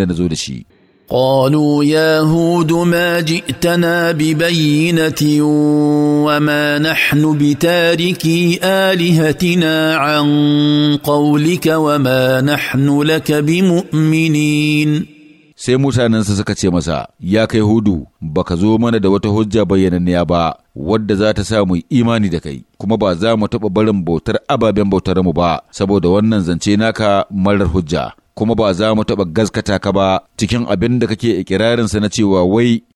da na zo da shi. قالوا يا هود ما جئتنا ببينة وما نحن بتاركي آلهتنا عن قولك وما نحن لك بمؤمنين sai mutanensa suka ce masa, Ya kai hudu, baka zo mana da wata hujja bayyananniya ba, wadda za ta sa imani da kai, kuma ba za mu taɓa barin bautar ababen bautar mu ba, saboda wannan zance naka marar hujja. kuma ba za mu taɓa gaskata ka ba cikin abin da kake sa na cewa wai